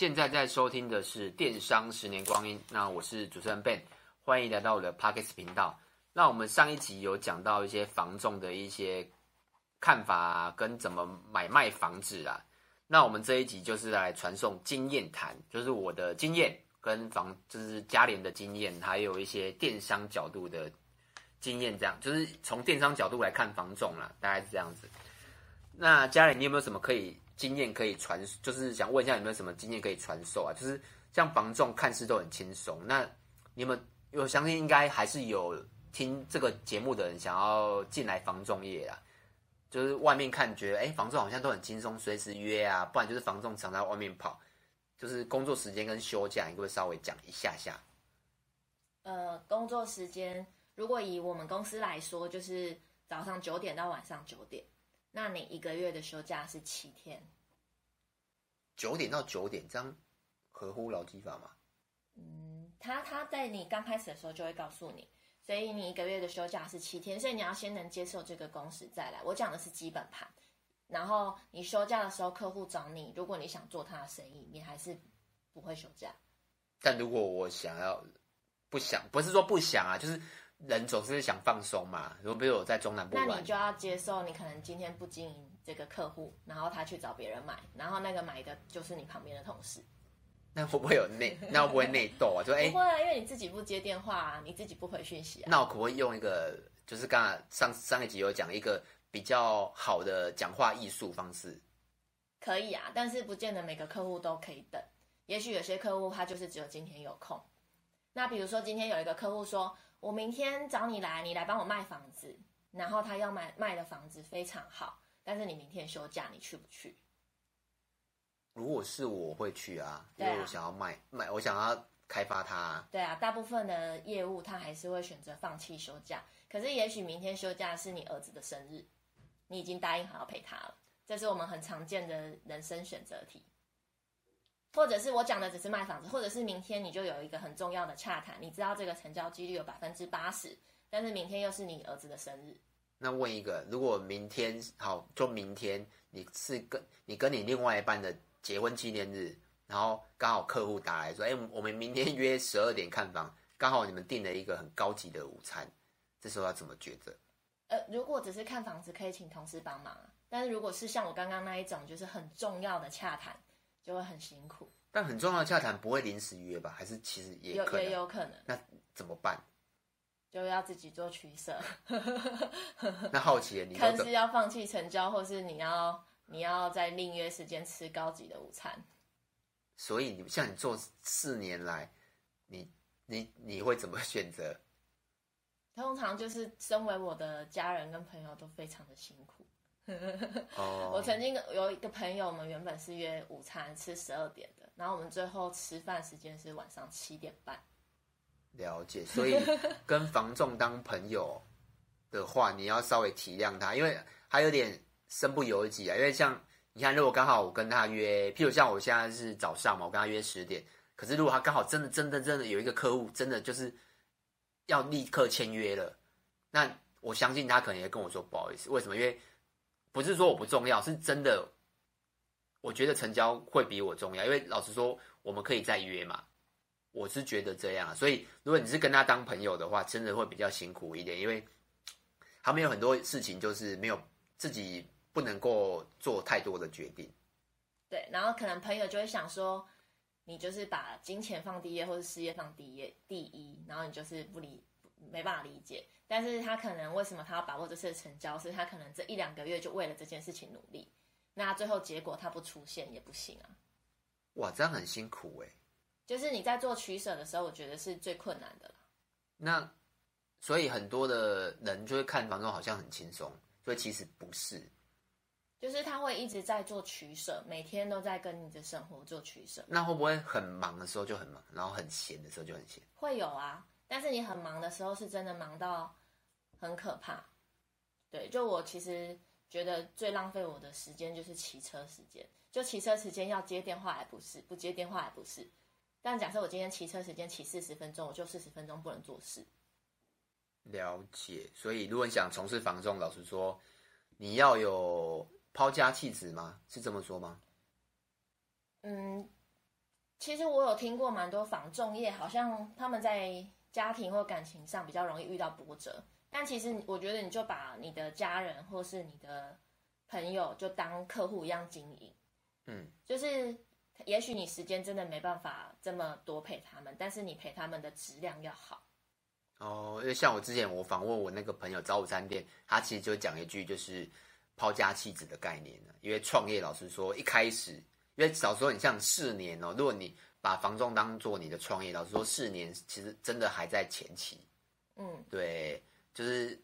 現在在收聽的是《電商十年光陰》，那我是主持人 Ben，歡迎來到我的 Pockets 頻道。那我們上一集有講到一些房仲的一些看法啊，跟怎麼買賣房子啊，那我們這一集就是來傳送經驗談，就是我的經驗跟房，就是佳蓮的經驗，還有一些電商角度的經驗，這樣就是從電商角度來看房仲啦，大概是這樣子。那佳蓮，你有沒有什麼可以？經驗可以傳，就是想問一下有沒有什麼經驗可以傳授啊？就是像房仲，看似都很輕鬆。那你們我相信應該還是有聽這個節目的人想要進來房仲業啊，就是外面看覺得，哎，房仲好像都很輕鬆，隨時約啊，不然就是房仲常在外面跑。就是工作時間跟休假，你可不可以稍微講一下下？呃，工作時間如果以我們公司來說，就是早上九點到晚上九點。那你一個月的休假是七天，九點到九點，這樣合乎勞基法嗎？嗯，他他在你剛開始的時候就會告訴你，所以你一個月的休假是七天，所以你要先能接受這個公司再來。我講的是基本盤，然後你休假的時候客戶找你，如果你想做他的生意，你還是不會休假。但如果我想要不想，不是說不想啊，就是。人總是想放鬆嘛，如果比如我在中南部玩，那你就要接受，你可能今天不經營這個客戶，然後他去找別人買，然後那個買的就是你旁邊的同事。 那會不會有內？那會不會內鬥啊？就不會，啊欸，因為你自己不接電話，啊，你自己不回訊息。啊。那我可不可以用一個，就是剛剛上上一集有講一個比較好的講話藝術方式？可以啊，但是不見得每個客戶都可以等。也許有些客戶他就是只有今天有空。那比如說今天有一個客戶說。我明天找你來，你來幫我賣房子。然後他要買賣的房子非常好，但是你明天休假，你去不去？如果是我會去啊，因為我想要賣、買、啊，我想要開發它、啊。對啊，大部分的業務他還是會選擇放棄休假。可是也許明天休假是你兒子的生日，你已經答應好要陪他了。這是我們很常見的人生選擇題。或者是我講的只是賣房子，或者是明天你就有一個很重要的洽談，你知道這個成交幾率有百分之八十，但是明天又是你兒子的生日。那問一個，如果明天好，就明天你是跟你跟你另外一半的結婚紀念日，然後剛好客戶打來說，哎、欸，我們明天約十二點看房，剛好你們訂了一個很高級的午餐，這時候要怎麼抉擇？呃，如果只是看房子，可以請同事幫忙，但是如果是像我剛剛那一種，就是很重要的洽談。就會很辛苦，但很重要的洽談不會臨時約吧？還是其實也有，也有可能？那怎麼辦？就要自己做取捨。 那好奇的你看是要放棄成交，或是你要你要在另約時間吃高級的午餐？ 所以你像你做四年來，你你你會怎麼選擇？通常就是身為我的家人跟朋友都非常的辛苦。 我曾經有一個朋友，我們原本是約午餐吃十二點的，然後我們最後吃飯時間是晚上七點半。了解，所以跟房仲當朋友的話， 你要稍微體諒他，因為他有點身不由己啊。因為像你看，如果剛好我跟他約，譬如像我現在是早上嘛，我跟他約十點，可是如果他剛好真的、真的、真的有一個客戶，真的就是要立刻簽約了，那我相信他可能也跟我說不好意思，為什麼？因為不是說我不重要，是真的，我覺得成交會比我重要。因為老實說，我們可以再約嘛。我是覺得這樣，所以如果你是跟他當朋友的話，真的會比較辛苦一點，因為他們有很多事情就是沒有自己不能夠做太多的決定。對，然後可能朋友就會想說，你就是把金錢放第一，或者事業放第一，第一，然後你就是不理。嗯沒辦法理解，但是他可能為什麼他要把握這次的成交？是他可能這一兩個月就為了這件事情努力，那最後結果他不出現也不行啊。哇，這樣很辛苦欸。就是你在做取捨的時候，我覺得是最困難的啦。那所以很多的人就會看房仲好像很輕鬆，所以其實不是。就是他會一直在做取捨，每天都在跟你的生活做取捨。那會不會很忙的時候就很忙，然後很閒的時候就很閒？會有啊。但是你很忙的時候，是真的忙到很可怕。對，就我其實覺得最浪費我的時間就是騎車時間。就騎車時間要接電話還不是，不接電話還不是。但假設我今天騎車時間騎四十分鐘，我就四十分鐘不能做事。了解。所以如果你想從事房仲，老實說，你要有拋家棄子嗎？是這麼說嗎？嗯，其實我有聽過蠻多房仲業，好像他們在。家庭或感情上比較容易遇到波折，但其實我覺得你就把你的家人或是你的朋友就當客戶一樣經營，嗯，就是也許你時間真的沒辦法這麼多陪他們，但是你陪他們的質量要好。哦，因為像我之前我訪問我那個朋友，早午餐店，他其實就講一句就是“拋家棄子”的概念呢，因為創業老師說一開始，因為小時候你像四年哦，如果你。把房仲當做你的創業，老實說，四年其實真的還在前期。嗯，對，就是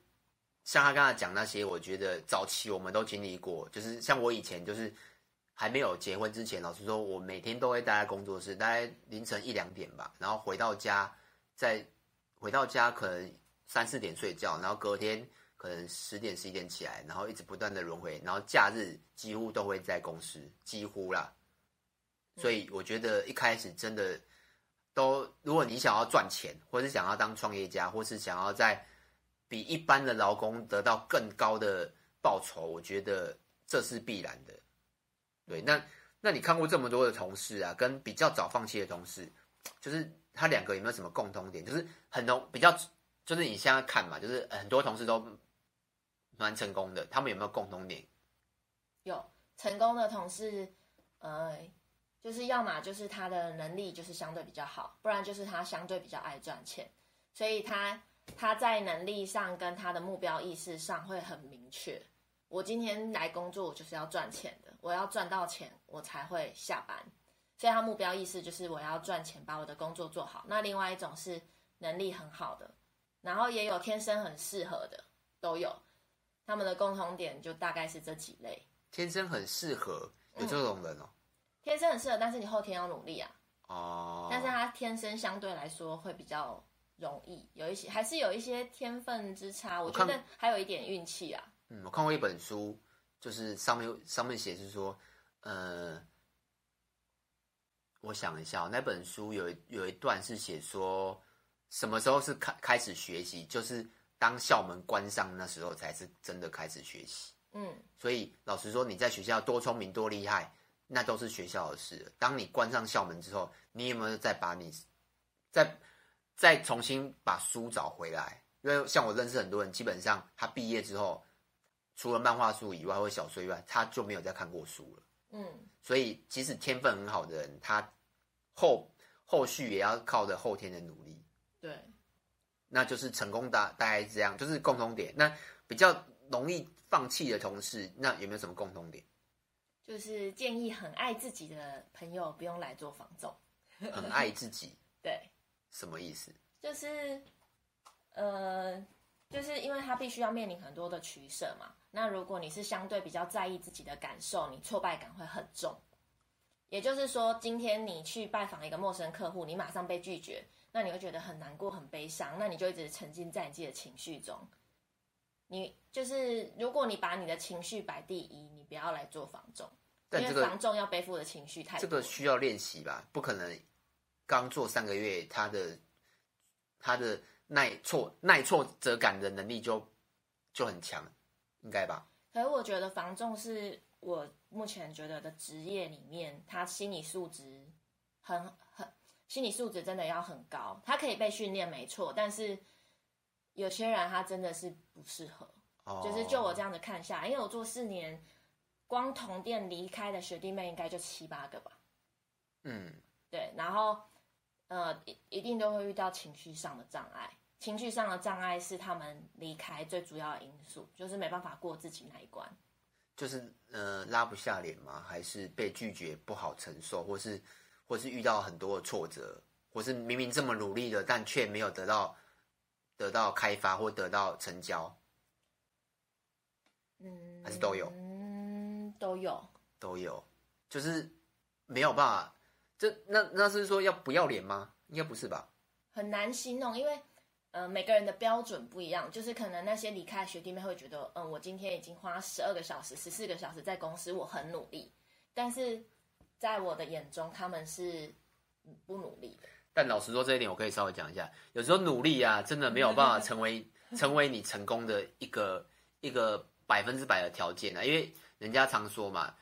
像他剛才講那些，我覺得早期我們都經歷過。就是像我以前，就是還沒有結婚之前，老實說，我每天都會待在工作室，大概凌晨一兩點吧，然後回到家，在回到家可能三四點睡覺，然後隔天可能十點十一點起來，然後一直不斷的輪回，然後假日幾乎都會在公司，幾乎啦。所以我覺得一開始真的都，如果你想要賺錢，或是想要當創業家，或是想要在比一般的勞工得到更高的報酬，我覺得這是必然的。對，那那你看過這麼多的同事啊，跟比較早放棄的同事，就是他兩個有沒有什麼共通點？就是很多比較，就是你現在看嘛，就是很多同事都蠻成功的，他們有沒有共通點？有成功的同事，呃、哎。就是要嘛就是他的能力就是相對比較好，不然就是他相對比較愛賺錢，所以他他在能力上跟他的目標意識上會很明確。我今天來工作我就是要賺錢的，我要賺到錢我才會下班。所以他目標意識就是我要賺錢，把我的工作做好。那另外一種是能力很好的，然後也有天生很適合的，都有。他們的共同點就大概是這幾類。天生很適合，有這種人哦。嗯天生很適合，但是你後天要努力啊。哦、oh。但是他天生相對來說會比較容易，有一些還是有一些天分之差我。我覺得還有一點運氣啊。嗯，我看過一本書，就是上面上面寫是說，呃，我想一下、哦，那本書有一有一段是寫說，什麼時候是開開始學習？就是當校門關上那時候，才是真的開始學習。嗯。所以老實說，你在學校多聰明多厲害。那都是學校的事。當你關上校門之後，你有沒有再把你、再、再重新把書找回來？因為像我認識很多人，基本上他畢業之後，除了漫畫書以外或小說以外，他就沒有再看過書了。嗯，所以即使天分很好的人，他後後續也要靠着後天的努力。對，那就是成功大大概是這樣，就是共通點。那比較容易放棄的同事，那有沒有什麼共通點？就是建議很愛自己的朋友不用來做房仲。很愛自己。 對。什麼意思？就是，呃，就是因為他必須要面臨很多的取捨嘛。那如果你是相對比較在意自己的感受，你挫敗感會很重。也就是說，今天你去拜訪一個陌生客戶，你馬上被拒絕，那你會覺得很難過、很悲傷，那你就一直沉浸在你自己的情緒中。你就是，如果你把你的情緒擺第一，你不要來做房仲。但這個，因為房仲要背負的情緒太多。這個需要練習吧，不可能剛做三個月，他的他的耐挫耐挫折感的能力就就很強，應該吧？可是我覺得房仲是我目前覺得的職業裡面，他心理素質很很心理素質真的要很高，他可以被訓練沒錯，但是。有些人他真的是不適合，哦，就是就我這樣子看下來，因為我做四年，光同店離開的學弟妹應該就七八個吧。嗯，對，然後呃一一定都會遇到情緒上的障礙，情緒上的障礙是他們離開最主要的因素，就是沒辦法過自己那一關。就是呃拉不下臉嗎？還是被拒絕不好承受，或是或是遇到很多的挫折，或是明明這麼努力的，但卻沒有得到。得到開發或得到成交，嗯，還是都有，嗯，都有，都有，就是沒有辦法，這那那是說要不要臉嗎？應該不是吧？很難形容，因為，呃每個人的標準不一樣，就是可能那些離開學弟妹會覺得，嗯、呃，我今天已經花十二個小時、十四個小時在公司，我很努力，但是在我的眼中，他們是不努力的。但老實說，這一點我可以稍微講一下。有時候努力啊，真的沒有辦法成為成為你成功的一個一個百分之百的條件啊。因為人家常說嘛，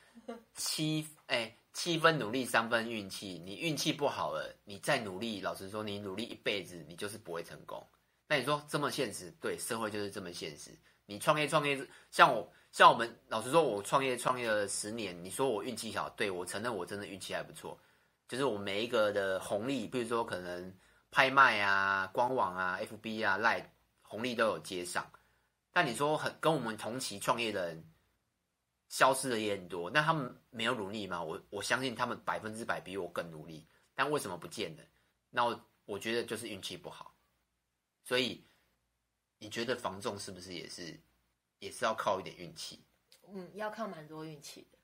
七，哎，七分努力，三分運氣。你運氣不好了，你再努力，老實說，你努力一輩子，你就是不會成功。那你說這麼現實？對，社會就是這麼現實。你創業創業，像我像我們，老實說，我創業創業了十年，你說我運氣好？對，我承認我真的運氣還不錯。就是我每一個的紅利，比如說可能拍賣啊、官網啊、FB 啊、賴紅利都有接上。但你說很跟我們同期創業的人消失的也很多，那他們沒有努力嗎？我我相信他們百分之百比我更努力，但為什麼不見呢？那我，我覺得就是運氣不好。所以你覺得房仲是不是也是也是要靠一點運氣？嗯，要靠蠻多運氣的。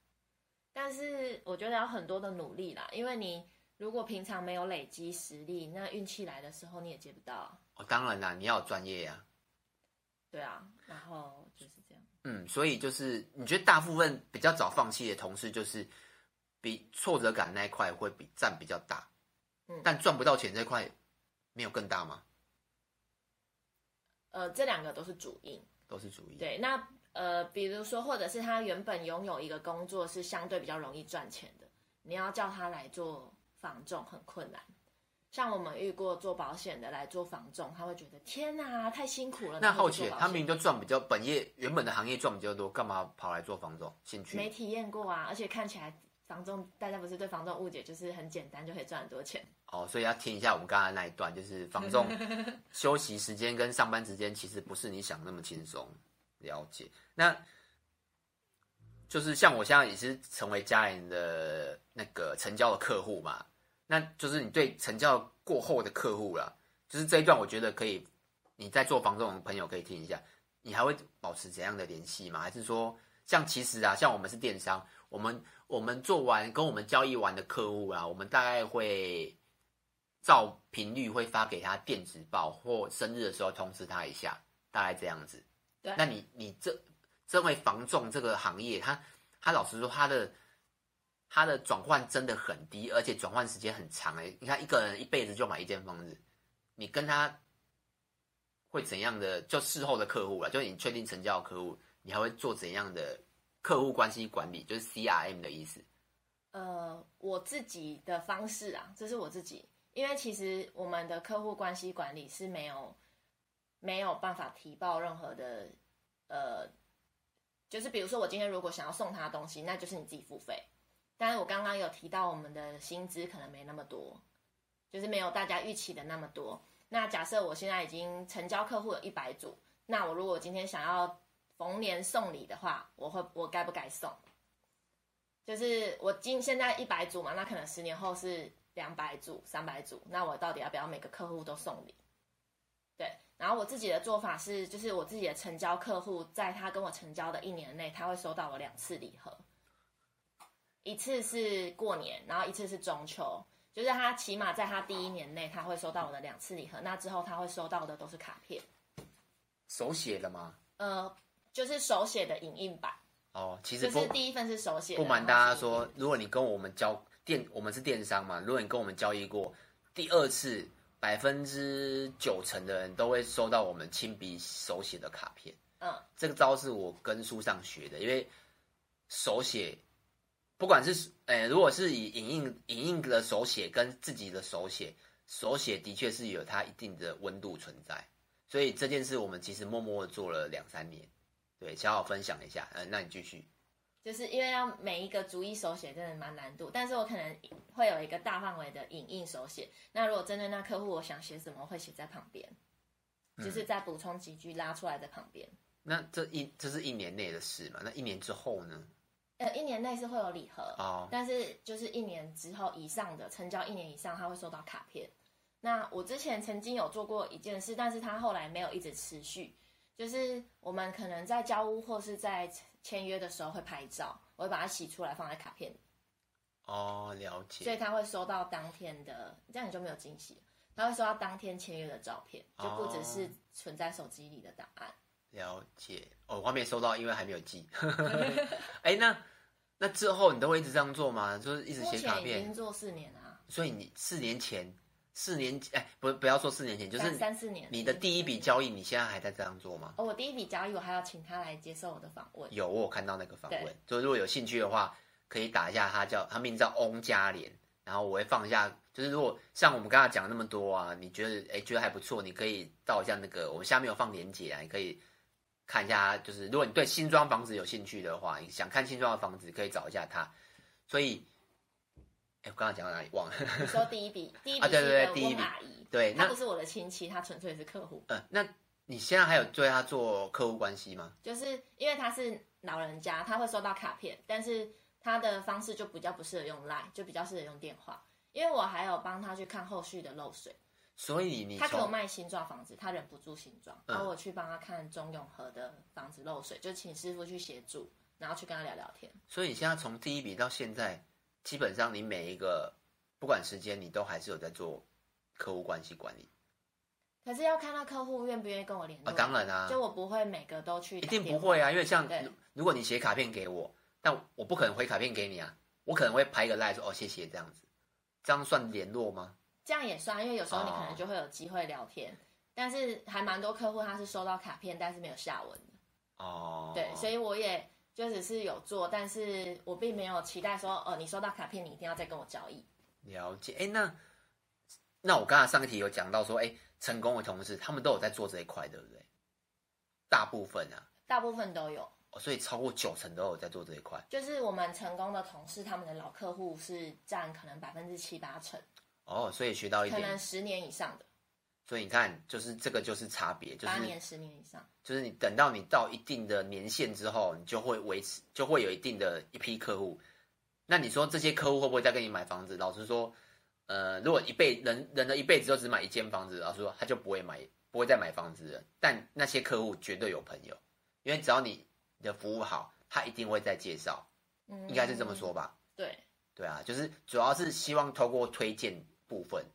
但是我覺得要很多的努力啦，因為你如果平常沒有累積實力，那運氣來的時候你也接不到。哦，當然啦，你要有專業呀、啊。對啊，然後就是這樣。嗯，所以就是你覺得大部分比較早放棄的同事，就是比挫折感那一塊會比佔比較大，嗯，但賺不到錢這塊沒有更大嗎？呃，這兩個都是主因，都是主因。對，那。呃，比如說，或者是他原本擁有一個工作是相對比較容易賺錢的，你要叫他來做房仲很困難。像我們遇過做保險的來做房仲，他會覺得天哪、啊，太辛苦了。那後期，後他明明就賺比較本業原本的行業賺比較多，幹嘛跑來做房仲？興趣沒體驗過啊，而且看起來房仲，大家不是對房仲誤解就是很簡單就可以賺很多錢。哦，所以要聽一下我們剛才那一段，就是房仲休息時間跟上班時間其實不是你想那麼輕鬆。了解，那就是像我現在也是成為佳蓮的那個成交的客戶嘛。那就是你對成交過後的客戶啦，就是這一段我覺得可以，你在做房仲的朋友可以聽一下，你還會保持怎樣的聯繫嗎？還是說像其實啊，像我們是電商，我們我們做完跟我們交易完的客戶啊，我們大概會照頻率會發給他電子報，或生日的時候通知他一下，大概這樣子。對，那你你這，身為房仲這個行業，他他老實說他，他的他的轉換真的很低，而且轉換時間很長哎、欸。你看一個人一輩子就買一間房子，你跟他會怎樣的？就事後的客戶了，就已你確定成交的客戶，你還會做怎樣的客戶關係管理？就是 CRM 的意思。呃，我自己的方式啊，這是我自己，因為其實我們的客戶關係管理是沒有。沒有辦法提報任何的，呃，就是比如說我今天如果想要送他的東西，那就是你自己付費。但是我剛剛有提到我們的薪資可能沒那麼多，就是沒有大家預期的那麼多。那假設我現在已經成交客戶有一百組，那我如果今天想要逢年送禮的話，我會，我該不該送？就是我今現在一百組嘛，那可能十年後是兩百組、三百組，那我到底要不要每個客戶都送禮？對，然後我自己的做法是，就是我自己的成交客戶，在他跟我成交的一年內，他會收到我兩次禮盒，一次是過年，然後一次是中秋，就是他起碼在他第一年內，他會收到我的兩次禮盒。那之後他會收到的都是卡片，手寫的嗎？呃，就是手寫的影印版。哦，其實就是第一份是手寫的。不瞞大家說，如果你跟我們交電，我們是電商嘛，如果你跟我們交易過，第二次。百分之九成的人都會收到我們親筆手寫的卡片。嗯，這個招是我跟書上學的，因為手寫，不管是誒，如果是以影印影印的手寫跟自己的手寫，手寫的確是有它一定的溫度存在。所以這件事我們其實默默地做了兩三年，對，小小分享一下。嗯，那你繼續。就是因為要每一個逐一手寫，真的蠻難度。但是我可能會有一個大範圍的影印手寫。那如果針對那客戶，我想寫什麼，會寫在旁邊，嗯、就是再補充幾句，拉出來在旁邊。那這一這是一年內的事嘛？那一年之後呢？呃，一年內是會有禮盒哦，oh. 但是就是一年之後以上的成交，一年以上他會收到卡片。那我之前曾經有做過一件事，但是他後來沒有一直持續。就是我們可能在交屋或是在。簽約的時候會拍照，我會把它洗出來放在卡片裡。哦，了解。所以他會收到當天的，這樣你就沒有驚喜。他會收到當天簽約的照片，哦，就不只是存在手機裡的檔案。了解哦，我還沒收到，因為還沒有寄 哎，那那之後你都會一直這樣做嗎？就是一直寫卡片？目前已經做四年啊。所以你四年前。四年，哎，不，不要說四年前，就是三四年，你的第一筆交易，你現在還在這樣做嗎？哦，我第一筆交易，我還要請他來接受我的訪問。有，我看到那個訪問，就如果有興趣的話，可以打一下他叫他名字叫翁佳蓮，然後我會放一下，就是如果像我們剛才講那麼多啊，你覺得哎覺得還不錯，你可以到一下那個我們下面有放連結啊，你可以看一下，就是如果你對新莊房子有興趣的話，你想看新莊的房子可以找一下他，所以。哎，我剛剛講到哪裡忘了？你說第一筆，第一筆對對對，第一筆。第一筆，對，他不是我的親戚，他純粹是客戶。嗯，那你現在還有對他做客戶關係嗎？就是因為他是老人家，他會收到卡片，但是他的方式就比較不適合用 line，就比較適合用電話。因為我還有幫他去看後續的漏水，所以你他給我賣新莊房子，他忍不住新莊，嗯、然後我去幫他看中永和的房子漏水，就請師傅去協助，然後去跟他聊聊天。所以你現在從第一筆到現在。基本上你每一個，不管時間，你都還是有在做客戶關係管理。可是要看到客戶願不願意跟我聯絡。啊、哦，當然啊，就我不會每個都去。一定不會啊，因為像如果你寫卡片給我，但我不可能回卡片給你啊，我可能會拍一個賴說哦謝謝這樣子，這樣算聯絡嗎？這樣也算，因為有時候你可能就會有機會聊天，哦、但是還蠻多客戶他是收到卡片，但是沒有下文的。哦。對，所以我也。就只是有做，但是我並沒有期待說，哦，呃，你收到卡片，你一定要再跟我交易。了解，哎，那那我剛才上一題有講到說，哎，成功的同事他們都有在做這一塊，對不對？大部分啊，大部分都有，哦，所以超過九成都有在做這一塊。就是我們成功的同事，他們的老客戶是占可能百分之七八成。哦，所以學到一點，可能十年以上的。所以你看，就是這個就是差別，就是八年、十年以上，就是你等到你到一定的年限之後，你就會維持，就會有一定的一批客戶。那你說這些客戶會不會再跟你買房子？老實說，呃，如果一輩人人的一輩子都只買一間房子，老實說，他就不會買，不會再買房子了。但那些客戶絕對有朋友，因為只要你你的服務好，他一定會再介紹。嗯，應該是這麼說吧？對，對啊，就是主要是希望透過推薦部分。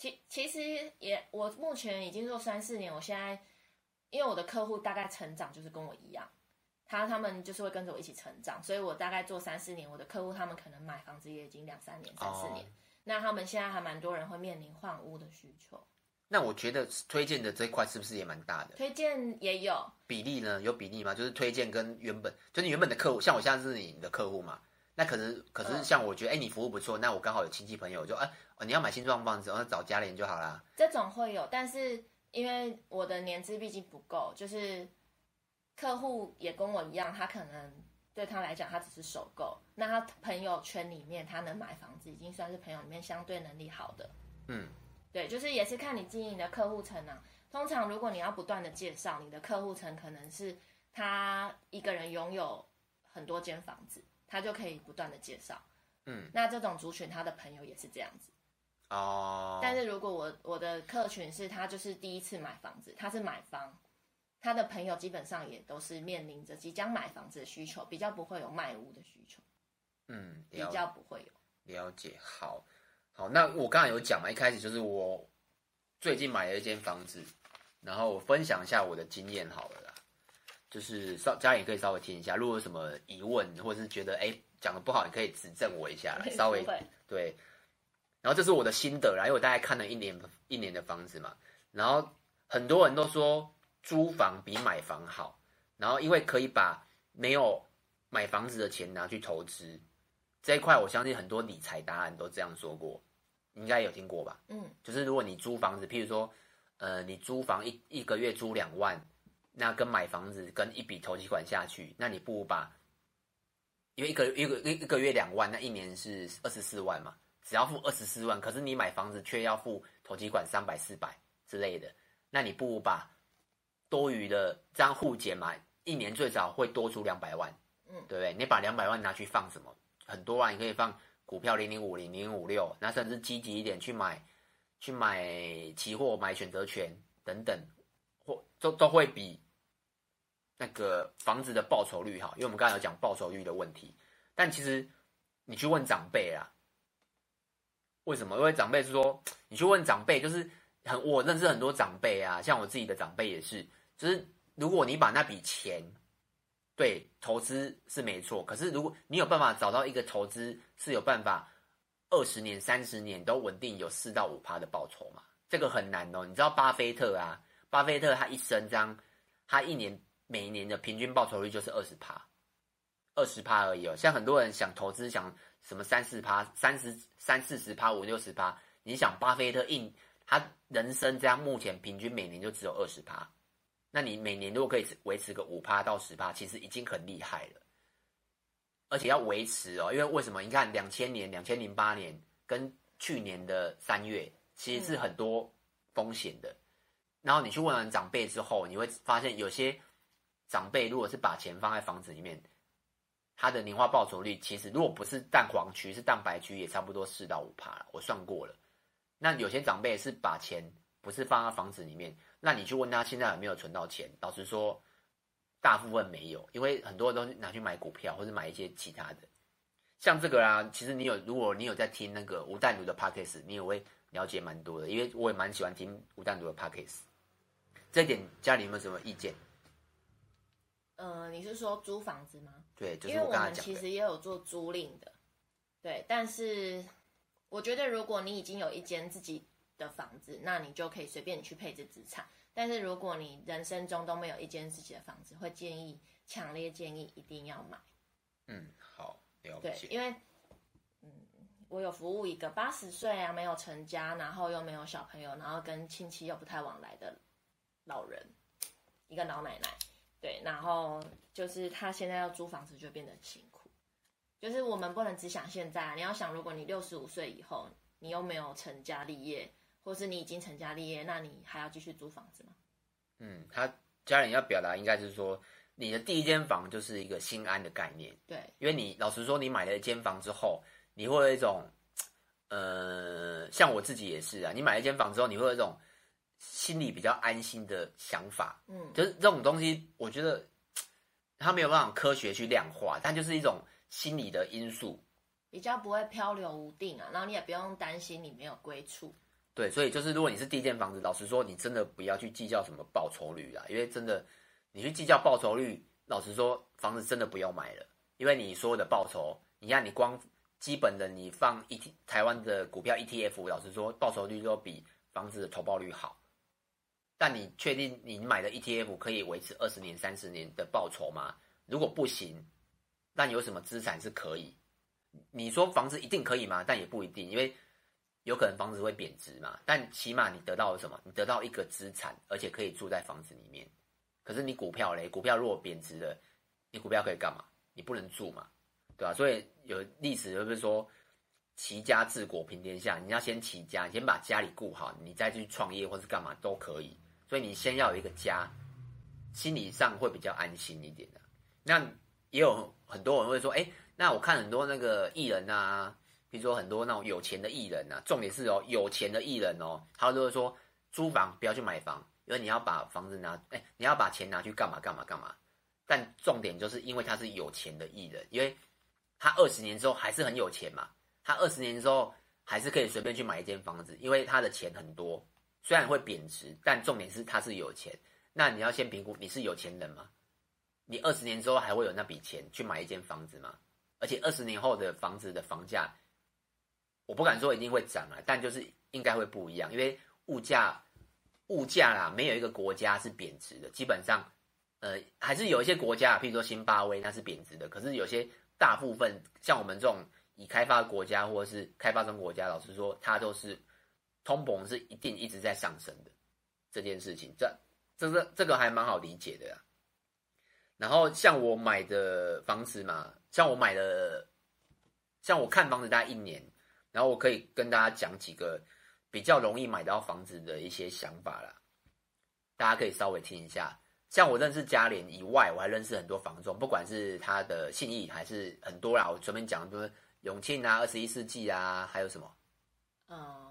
其其實也，我目前已經做三四年。我現在因為我的客戶大概成長就是跟我一樣，他他們就是會跟着我一起成長，所以我大概做三四年，我的客戶他們可能買房子也已經兩三年、oh. 三四年，那他們現在還蠻多人會面臨換屋的需求。那我覺得推薦的這塊是不是也蠻大的？推薦也有比例呢？有比例嗎？就是推薦跟原本就是原本的客戶，像我現在是你的客戶嘛，那可能可是像我覺得哎、oh.，你服務不錯，那我剛好有親戚朋友，我就哎。啊哦、你要買新莊房子，然後找佳蓮就好啦。這種會有，但是因為我的年資畢竟不夠，就是客戶也跟我一樣，他可能對他來講，他只是首購。那他朋友圈裡面，他能買房子，已經算是朋友裡面相對能力好的。嗯，對，就是也是看你經營的客戶層啊。通常如果你要不斷的介紹，你的客戶層可能是他一個人擁有很多間房子，他就可以不斷的介紹。嗯，那這種族群，他的朋友也是這樣子。哦、oh，但是如果我我的客群是他就是第一次買房子，他是買方，他的朋友基本上也都是面臨着即將買房子的需求，比較不會有賣屋的需求。嗯，比較不會有了解。好，好，那我剛剛有講嘛，一開始就是我最近買了一間房子，然後我分享一下我的經驗好了，啦。就是稍家裡可以稍微聽一下，如果有什麼疑問或者是覺得哎講的不好，你可以指正我一下稍微對。然後這是我的心得，然後因為我大概看了一年一年的房子嘛，然後很多人都說租房比買房好，然後因為可以把沒有買房子的錢拿去投資這一塊，我相信很多理財答案都這樣說過，應該有聽過吧？嗯，就是如果你租房子，譬如說，呃，你租房一一個月租兩萬，那跟買房子跟一筆投機款下去，那你不如把因為一個一個一一個月兩萬，那一年是二十四萬嘛。只要付二十四萬，可是你買房子卻要付頭期款三百四百之類的，那你不如把多餘的賬戶減滿，一年最少會多出兩百萬，嗯，對不對？你把兩百萬拿去放什麼？很多啊，你可以放股票零零五零零五六，那甚至積極一點去買去買期貨、買選擇權等等，或都都會比那個房子的報酬率好，因為我們剛才有講報酬率的問題。但其實你去問長輩啊。為什麼？因為長輩是說，你去問長輩，就是很我認識很多長輩啊，像我自己的長輩也是，就是如果你把那筆錢對投資是沒錯，可是如果你有辦法找到一個投資是有辦法二十年、三十年都穩定有四到五趴的報酬嘛，這個很難哦。你知道巴菲特啊，巴菲特他一生這樣，他一年每一年的平均報酬率就是二十趴，二十趴而已哦。像很多人想投資想，什麼三四趴、三十三四十趴、五六十趴。你想，巴菲特印他人生這樣，目前平均每年就只有二十趴。那你每年如果可以維持個五趴到十趴，其實已經很厲害了。而且要維持哦，因為為什麼？你看，兩千年、兩千零八年跟去年的三月，其實是很多風險的。嗯。然後你去問完長輩之後，你會發現有些長輩如果是把錢放在房子裡面。它的年化報酬率其實，如果不是蛋黃區，是蛋白區，也差不多四到五趴了。我算過了。那有些長輩是把錢不是放在房子裡面，那你去問他現在有沒有存到錢？老實說，大部分沒有，因為很多都拿去買股票或者買一些其他的。像這個啊，其實你有如果你有在聽那個吳淡如的 podcast，你也會了解蠻多的，因為我也蠻喜歡聽吳淡如的 podcast。這一點家裡有沒有什麼意見？嗯、呃，你是說租房子嗎？對、就是，因為我們其實也有做租賃的，對。但是我覺得，如果你已經有一間自己的房子，那你就可以隨便去配置資產。但是如果你人生中都沒有一間自己的房子，會建議，強烈建議一定要買。嗯，好，了解。對，因為，嗯，我有服務一個八十歲啊，沒有成家，然後又沒有小朋友，然後跟親戚又不太往來的老人，一個老奶奶。對，然後就是他現在要租房子就變得很辛苦，就是我們不能只想現在，你要想，如果你六十五歲以後，你又沒有成家立業，或是你已經成家立業，那你還要繼續租房子嗎？嗯，他家人要表達應該就是說，你的第一間房就是一個心安的概念。對，因為你老實說，你買了一間房之後，你會有一種，呃，像我自己也是啊，你買了一間房之後，你會有一種。心裡比較安心的想法，嗯，就是這種東西，我覺得它沒有辦法科學去量化，但就是一種心理的因素，比較不會漂流無定啊，然後你也不用擔心你沒有歸處。對，所以就是如果你是第一間房子，老實說，你真的不要去計較什麼報酬率啦，因為真的你去計較報酬率，老實說，房子真的不用買了，因為你所有的報酬，你看你光基本的你放 E T 台灣的股票 E T F，老實說，報酬率都比房子的投報率好。但你確定你買的 ETF 可以維持二十年、三十年的報酬嗎？如果不行，那有什麼資產是可以？你說房子一定可以嗎？但也不一定，因為有可能房子會貶值嘛。但起碼你得到了什麼？你得到一個資產，而且可以住在房子裡面。可是你股票嘞？股票如果貶值了，你股票可以幹嘛？你不能住嘛，對吧、啊？所以有歷史就是說齊家治國平天下，你要先齊家，你先把家裡顧好，你再去創業或是幹嘛都可以。所以你先要有一個家，心理上會比較安心一點的啊。那也有很多人會說：“哎，那我看很多那個藝人啊，比如說很多那種有錢的藝人啊，重點是哦，有錢的藝人哦，他都會說租房不要去買房，因為你要把房子拿，哎，你要把錢拿去幹嘛幹嘛幹嘛。但重點就是因為他是有錢的藝人，因為他二十年之後還是很有錢嘛，他二十年之後還是可以隨便去買一間房子，因為他的錢很多。”雖然會貶值，但重點是他是有錢。那你要先評估你是有錢人嗎？你二十年之後還會有那筆錢去買一間房子嗎？而且二十年後的房子的房價，我不敢說一定會漲啊，但就是應該會不一樣，因為物價物價啦，沒有一個國家是貶值的。基本上，呃，還是有一些國家，譬如說辛巴威，那是貶值的。可是有些大部分像我們這種已開發國家或者是開發中國家，老實說，它都是。通膨是一定一直在上升的這件事情，這、這這這個還蠻好理解的呀。然後像我買的房子嘛，像我買的，像我看房子大概一年，然後我可以跟大家講幾個比較容易買到房子的一些想法啦，大家可以稍微聽一下。像我認識佳蓮以外，我還認識很多房仲，不管是他的信義還是很多啦。我隨便講，就是永慶啊、二十一世紀啊，還有什麼？嗯。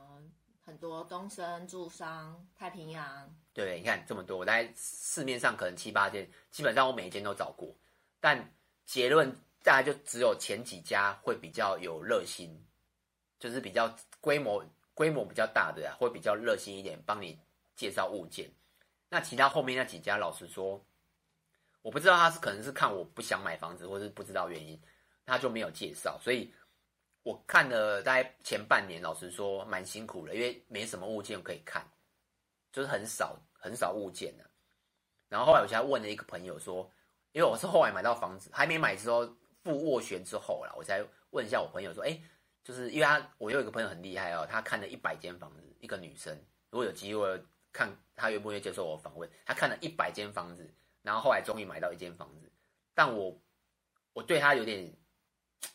很多東森、住商、太平洋，對，你看這麼多，我在市面上可能七八間，基本上我每一間都找過，但結論大概就只有前幾家會比較有熱心，就是比較規模規模比較大的，會比較熱心一點幫你介紹物件。那其他後面那幾家，老實說，我不知道他是可能是看我不想買房子，或是不知道原因，他就沒有介紹，所以。我看了大概前半年，老實說蠻辛苦的，因為沒什麼物件可以看，就是很少很少物件的啊。然後後來我才問了一個朋友說，因為我是後來買到房子還沒買的時候付斡旋之後了，我才問一下我朋友說，哎，就是因為他我有一個朋友很厲害哦，他看了一百間房子，一個女生，如果有機會看，他願不願意接受我訪問，他看了一百間房子，然後後來終於買到一間房子，但我我對他有點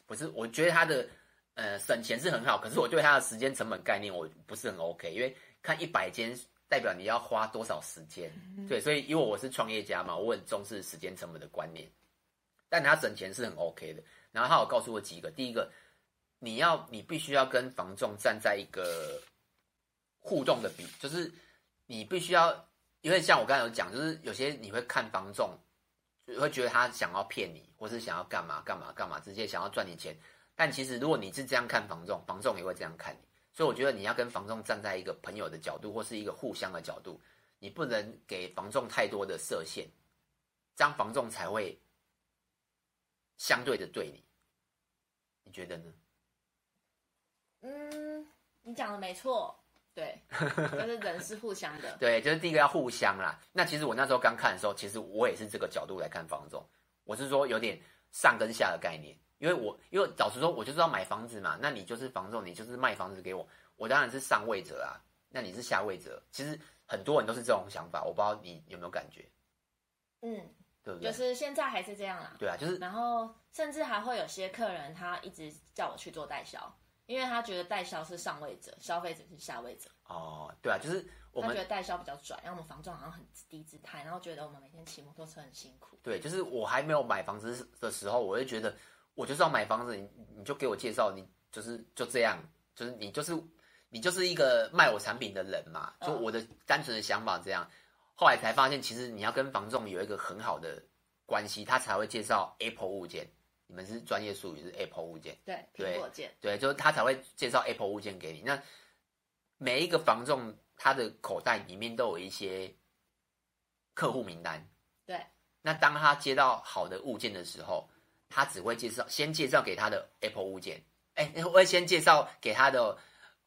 不是，我覺得他的。呃，省錢是很好，可是我對他的時間成本概念我不是很 OK，因為看一百間代表你要花多少時間，對，所以因為我是創業家嘛，我很重視時間成本的觀念。但他省錢是很 OK 的，然後他有告訴我幾個，第一個，你要你必須要跟房仲站在一個互動的比，就是你必須要，因為像我剛才有講，就是有些你會看房仲，會覺得他想要騙你，或是想要幹嘛幹嘛幹嘛，直接想要賺你錢。但其實，如果你是這樣看房仲，房仲也會這樣看你。所以我覺得你要跟房仲站在一個朋友的角度，或是一個互相的角度，你不能給房仲太多的設限，這樣房仲才會相對的對你。你覺得呢？嗯，你講的沒錯。對， 就是人是互相的。對，就是第一個要互相啦。那其實我那時候剛看的時候，其實我也是這個角度來看房仲，我是說有點上跟下的概念。因為我，因為老實說，我就知道買房子嘛，那你就是房仲，你就是賣房子給我，我當然是上位者啊。那你是下位者。其實很多人都是這種想法，我不知道你有沒有感覺？嗯，對不對？就是現在還是這樣啦。對啊，就是。然後甚至還會有些客人，他一直叫我去做代銷，因為他覺得代銷是上位者，消費者是下位者。哦，對啊，就是我們他覺得代銷比較拽，然後我們房仲好像很低姿態，然後覺得我們每天騎摩托車很辛苦。對，就是我還沒有買房子的時候，我就覺得。我就是要買房子，你，你就給我介紹，你就是就這樣，就是你就是你就是一個賣我產品的人嘛。就我的單純的想法這樣，哦。後來才發現，其實你要跟房仲有一個很好的關係，他才會介紹 Apple 物件。你們是專業術語是 Apple 物件，對，對，蘋果件，對，就是他才會介紹 Apple 物件給你。那每一個房仲他的口袋裡面都有一些客戶名單，對。那當他接到好的物件的時候。他只會介紹，先介紹給他的 Apple 物件。哎、欸，我會先介紹給他的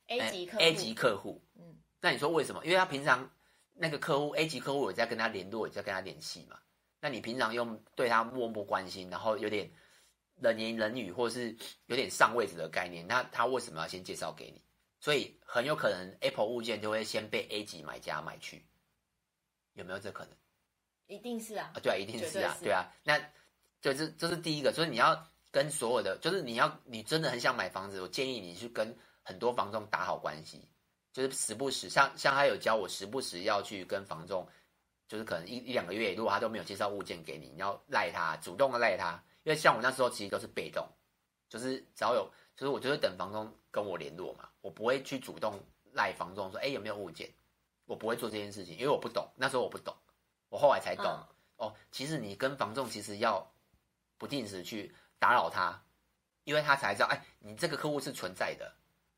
A 級客、呃、A 級客戶。嗯，那你說為什麼？因為他平常那個客戶 A 級客戶也在跟他聯絡，也在跟他聯繫嘛。那你平常用對他默默關心，然後有點冷言冷語，或是有點上位子的概念，那他為什麼要先介紹給你？所以很有可能 Apple 物件就會先被 A 級買家買去。有沒有這可能？一定是啊。啊，對啊，一定是啊，對，是啊對啊。那對，這這是第一個，所以你要跟所有的，就是你要你真的很想買房子，我建議你去跟很多房仲打好關係，就是時不時像像他有教我時不時要去跟房仲，就是可能一一兩個月如果他都沒有介紹物件給你，你要賴他，主動的賴他，因為像我那時候其實都是被動，就是只要有就是我就是等房仲跟我聯絡嘛，我不會去主動賴房仲說哎有沒有物件，我不會做這件事情，因為我不懂，那時候我不懂，我後來才懂、嗯、哦，其實你跟房仲其實要。不定時去打擾他，因為他才知道，哎，你這個客戶是存在的。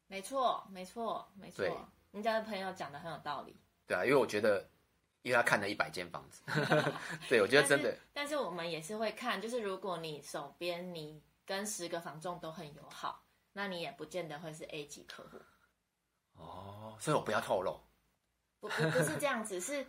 沒錯，沒錯，沒錯。你家的朋友講得很有道理。對啊，因為我覺得，因為他看了一百間房子， 對，我覺得真的但。但是我們也是會看，就是如果你手邊你跟十個房仲都很友好，那你也不見得會是 A 級客戶。哦，所以我不要透露。不，不是這樣子，是，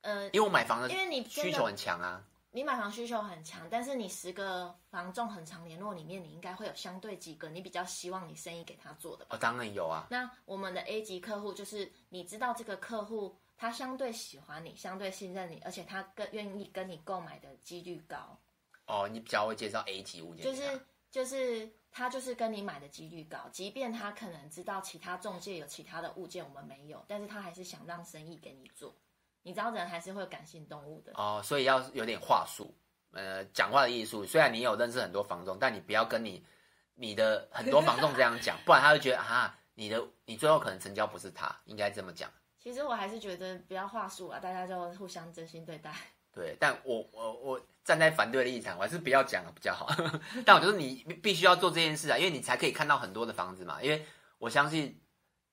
呃，因為我買房的時候，因為你需求很強啊。你買房需求很強，但是你十個房仲很常聯絡裡面，你應該會有相對幾個你比較希望你生意給他做的吧？哦，當然有啊。那我們的 A 級客戶就是你知道這個客戶，他相對喜歡你，相對信任你，而且他更願意跟你購買的幾率高。哦，你比較會介紹 A 級物件。就是就是他就是跟你買的幾率高，即便他可能知道其他中介有其他的物件我們沒有，但是他還是想讓生意給你做。你知道人還是會有感性動物的哦，所以要有點話術，呃，講話的藝術。雖然你有認識很多房仲，但你不要跟你你的很多房仲這樣講， 不然他會覺得啊，你的你最後可能成交不是他。應該這麼講。其實我還是覺得不要話術啊，大家就互相真心對待。對，但我我我站在反對的立場，我還是不要講比較好。 但我覺得你必須要做這件事啊，因為你才可以看到很多的房子嘛。因為我相信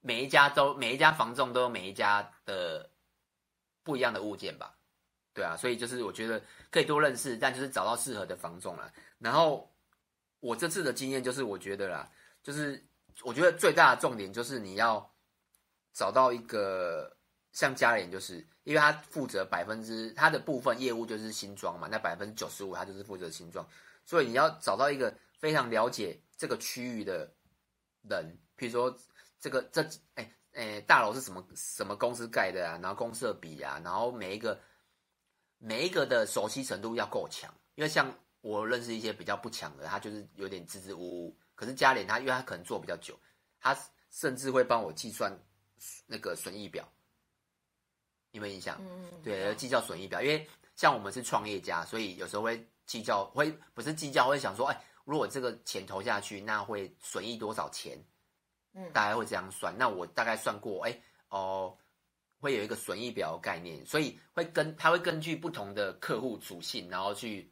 每一家都每一家房仲都有每一家的。不一樣的物件吧，對啊，所以就是我覺得可以多認識，但就是找到適合的房仲了。然後我這次的經驗就是，我覺得啦，就是我覺得最大的重點就是你要找到一個像佳蓮，就是因為他負責百分之他的部分業務就是新莊嘛，那百分之九十五他就是負責新莊，所以你要找到一個非常了解這個區域的人，譬如說這個這哎。欸哎，大樓是什麼什麼公司蓋的啊？然後公設比啊，然後每一個每一個的熟悉程度要夠強，因為像我認識一些比較不強的，他就是有點支支吾吾。可是佳蓮他，因為他可能做比較久，他甚至會幫我計算那個損益表，有沒有印象？嗯，嗯。對，要計較損益表，因為像我們是創業家，所以有時候會計較，會不是計較，會想說，哎，如果這個錢投下去，那會損益多少錢？嗯、大概會這樣算，那我大概算過，哎、欸，哦、呃，會有一個損益表的概念，所以會跟他會根據不同的客戶屬性，然後去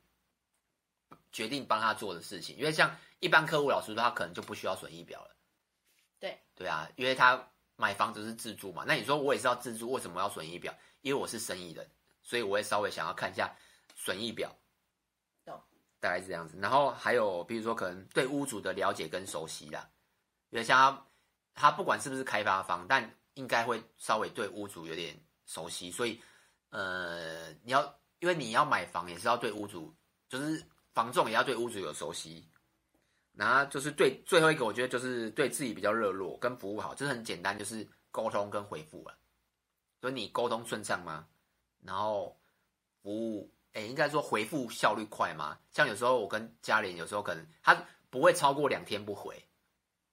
決定幫他做的事情。因為像一般客戶老實說，他可能就不需要損益表了。對，對啊，因為他買房子是自住嘛，那你說我也是要自住，為什麼要損益表？因為我是生意人，所以我會稍微想要看一下損益表。懂，大概是這樣子。然後還有比如說可能對屋主的了解跟熟悉啦，因為像他。他不管是不是開發方，但應該會稍微對屋主有點熟悉，所以，呃，你要因為你要買房也是要對屋主，就是房仲也要對屋主有熟悉，然後就是對最後一個，我覺得就是對自己比較熱絡跟服務好，就是很簡單，就是溝通跟回覆啊。所以你溝通順暢嗎？然後服務，誒、欸，應該說回覆效率快嗎？像有時候我跟佳蓮，有時候可能他不會超過兩天不回，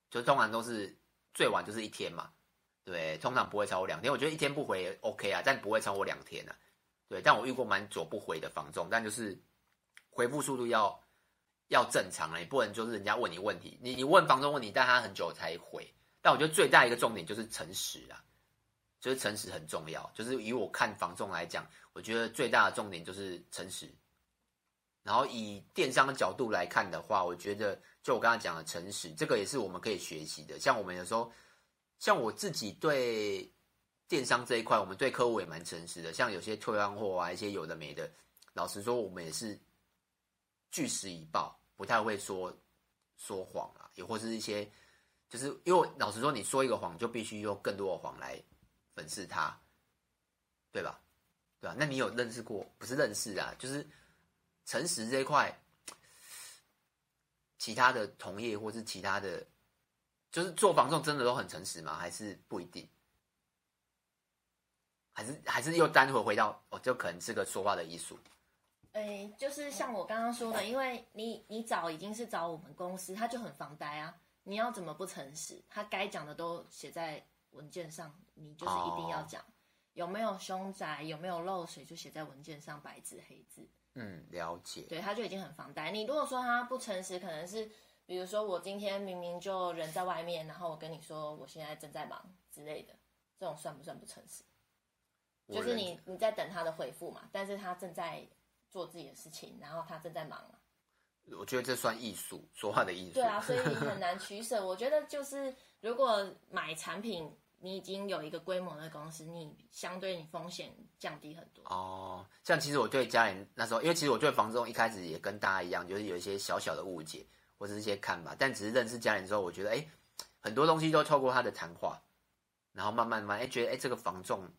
就通常都是。最晚就是一天嘛，對，通常不會超過兩天。我覺得一天不回也 OK 啊，但不會超過兩天啊，對，但我遇過蠻久不回的房仲，但就是回復速度要要正常了，你不能就是人家問你問題，你你問房仲問題，但他很久才回。但我覺得最大一個重點就是誠實啊，就是誠實很重要。就是以我看房仲來講，我覺得最大的重點就是誠實。然後以電商的角度來看的話，我覺得。就我剛才講的誠實，這個也是我們可以學習的。像我們有時候，像我自己對電商這一塊，我們對客戶也蠻誠實的。像有些退換貨啊，一些有的沒的，老實說，我們也是據實以報，不太會說說謊啊，也或是一些，就是因為老實說，你說一個謊，你就必須用更多的謊來粉飾它，對吧？對啊。那你有認識過？不是認識啊，就是誠實這一塊。其他的同業或是其他的，就是做房仲，真的都很誠實嗎？還是不一定？還是還是又待會回到哦，就可能是個說話的藝術。哎、欸，就是像我剛剛說的，因為你你找已經是找我們公司，他就很防呆啊。你要怎麼不誠實？他該講的都寫在文件上，你就是一定要講、哦、有沒有凶宅，有沒有漏水，就寫在文件上，白紙黑字。嗯，了解。對，他就已經很防呆。你如果說他不誠實，可能是比如說我今天明明就人在外面，然後我跟你說我現在正在忙之類的，這種算不算不誠實？就是你你在等他的回復嘛，但是他正在做自己的事情，然後他正在忙。我覺得這算藝術，說話的藝術。對啊，所以你很難取捨。 我覺得就是如果買產品。你已經有一個規模的公司，你相對你風險降低很多。哦，像其實我對家人那時候，因為其實我對房仲一開始也跟大家一樣，就是有一些小小的誤解，或是一些看法，但只是認識家人之後，我覺得哎，很多東西都透過他的談話，然後慢慢慢慢，哎覺得哎這個房仲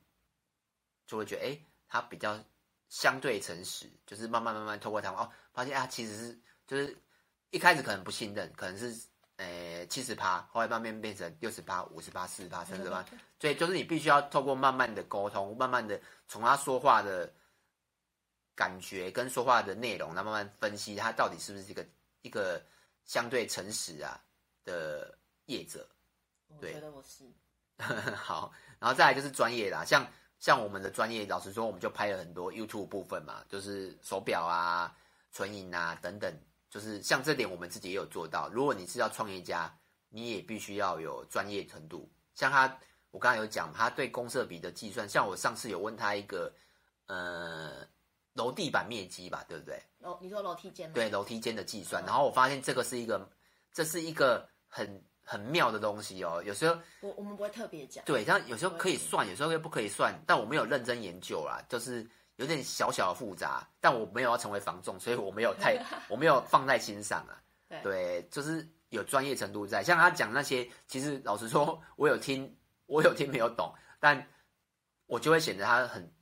就會覺得哎他比較相對誠實，就是慢慢慢慢透過談話哦，發現他、啊、其實是就是一開始可能不信任，可能是。呃、欸，七十趴，後來慢慢變，變成六十八、五十八、四十八、三十八，所以就是你必須要透過慢慢的溝通，慢慢的從他說話的感覺跟說話的內容，來慢慢分析他到底是不是一個一個相對誠實啊的業者，對。我覺得我是 好，然後再來就是專業啦，像像我們的專業，老實說，我們就拍了很多 YouTube 部分嘛，就是手錶啊、純銀啊等等。就是像這點，我們自己也有做到。如果你是要創業家，你也必須要有專業程度。像他，我剛才有講，他對公設比的計算，像我上次有問他一個，嗯、呃、樓地板面積吧，對不對？樓、哦，你說樓梯間嗎？對，樓梯間的計算。嗯、然後我發現這個是一個，這是一個很很妙的東西哦。有時候我我們不會特別講。對，像有時候可以算，有時候又不，不可以算。但我沒有認真研究啦、啊，就是。有點小小的複雜，但我沒有要成為房仲，所以我沒有太我沒有放在心上啊。 對，對，就是有專業程度在，像他講那些，其實老實說，我有聽，我有聽沒有懂，但我就會顯得他很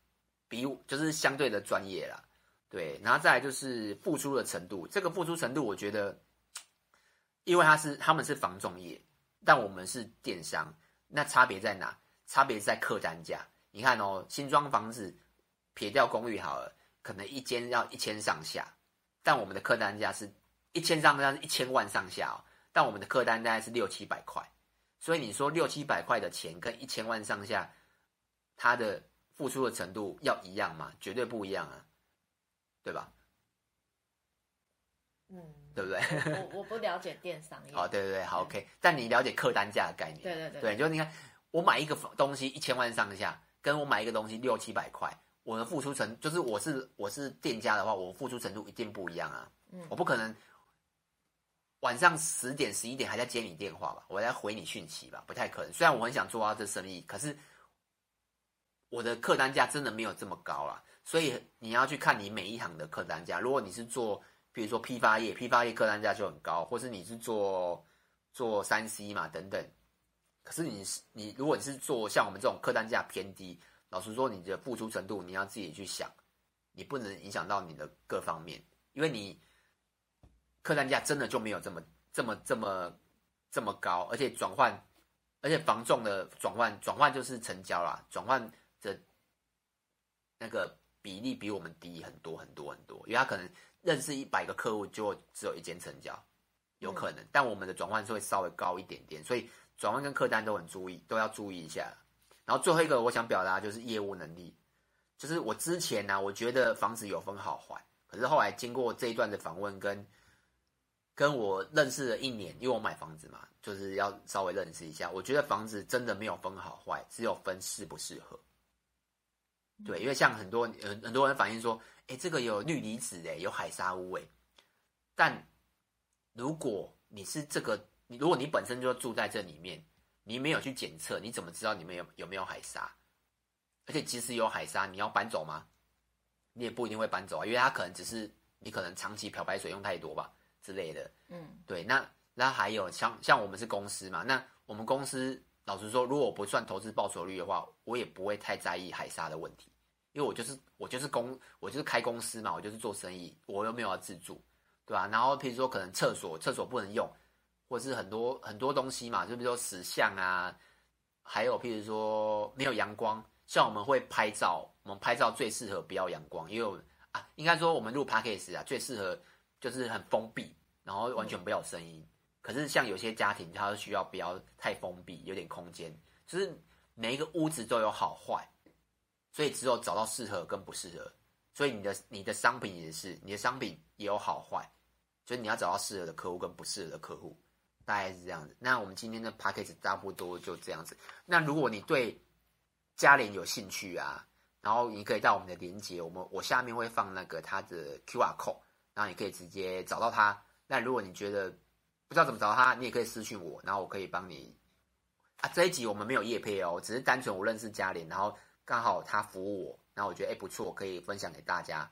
比就是相對的專業了。對，然後再來就是付出的程度，這個付出程度，我覺得因為他是他們是房仲業，但我們是電商，那差別在哪？差別在客單價。你看哦，新莊房子。鐵掉公寓好了，可能一間要一千上下，但我們的客單價是一千上下是一千萬上下哦，但我們的客單大概是六七百塊，所以你說六七百塊的錢跟一千萬上下，他的付出的程度要一樣嗎？絕對不一樣啊，對吧？嗯，對不對？我我不,我不了解電商 哦，對對對，好 OK，、嗯、但你了解客單價的概念，對對對,對，對，就是你看我買一個東西一千萬上下，跟我買一個東西六七百塊。我的付出程度就是我是我是店家的話，我付出程度一定不一樣啊。嗯，我不可能晚上十點十一點還在接你電話吧，我在回你訊息吧，不太可能。雖然我很想做到這生意，可是我的客單價真的沒有這麼高啦。所以你要去看你每一行的客單價。如果你是做比如說批發業，批發業客單價就很高，或是你是做做三 C 嘛，等等。可是你是你，如果你是做像我們這種客單價偏低，老實說，你的付出程度你要自己去想，你不能影響到你的各方面，因為你客單價真的就沒有這麼這麼這麼這麼高，而且轉換，而且房仲的轉換轉換就是成交啦，轉換的那個比例比我們低很多很多很多，因為他可能認識一百個客戶就只有一間成交，有可能，嗯、但我們的轉換是會稍微高一點點，所以轉換跟客單都很注意，都要注意一下。然後最後一個我想表達就是業務能力，就是我之前呢、啊，我覺得房子有分好壞，可是後來經過這一段的訪問跟跟我認識了一年，因為我買房子嘛，就是要稍微認識一下。我覺得房子真的沒有分好壞，只有分適不適合。嗯、對，因為像很多很很多人反映說，哎，這個有氯離子，哎，有海砂屋，但如果你是這個，如果你本身就住在這裡面。你沒有去檢測，你怎麼知道裡面有有沒有海沙？而且即使有海沙，你要搬走嗎？你也不一定會搬走啊，因為它可能只是你可能長期漂白水用太多吧之類的。嗯，對。那那還有像像我們是公司嘛，那我們公司老實說，如果我不算投資報酬率的話，我也不會太在意海沙的問題，因為我就是我就是公我就是開公司嘛，我就是做生意，我又沒有要自住，對吧？然後譬如說可能廁所廁所不能用。或者是很多很多東西嘛，就比如說石像啊，還有譬如說沒有陽光，像我們會拍照，我們拍照最適合不要陽光，因為啊，應該說我們錄 Podcast 啊，最適合就是很封閉，然後完全不要聲音、嗯。可是像有些家庭，它需要不要太封閉，有點空間，就是每一個屋子都有好壞，所以只有找到適合跟不適合。所以你的你的商品也是，你的商品也有好壞，所以你要找到適合的客戶跟不適合的客戶。大概是這樣子，那我們今天的 package 差不多就這樣子。那如果你對佳蓮有興趣啊，然後你可以到我們的連結，我們我下面會放那個他的 QR code，然後你可以直接找到他。那如果你覺得不知道怎麼找到他，你也可以私訊我，然後我可以幫你。啊，這一集我們沒有業配哦，只是單純我認識佳蓮，然後剛好他服務我，然後我覺得哎不錯，可以分享給大家。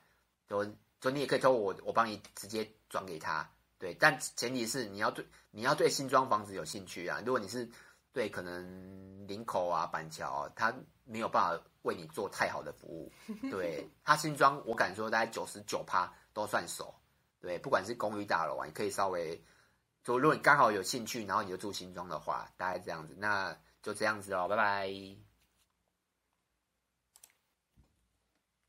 就就你也可以找我，我幫你直接轉給他。對，但前提是你要對你要對新莊房子有興趣啊！如果你是對可能林口啊、板橋啊，他沒有辦法為你做太好的服務。對他 新莊，我敢說大概九十九趴都算熟。對，不管是公寓大樓啊，你可以稍微。就如果你剛好有興趣，然後你就住新莊的話，大概這樣子，那就這樣子咯，哦，拜拜。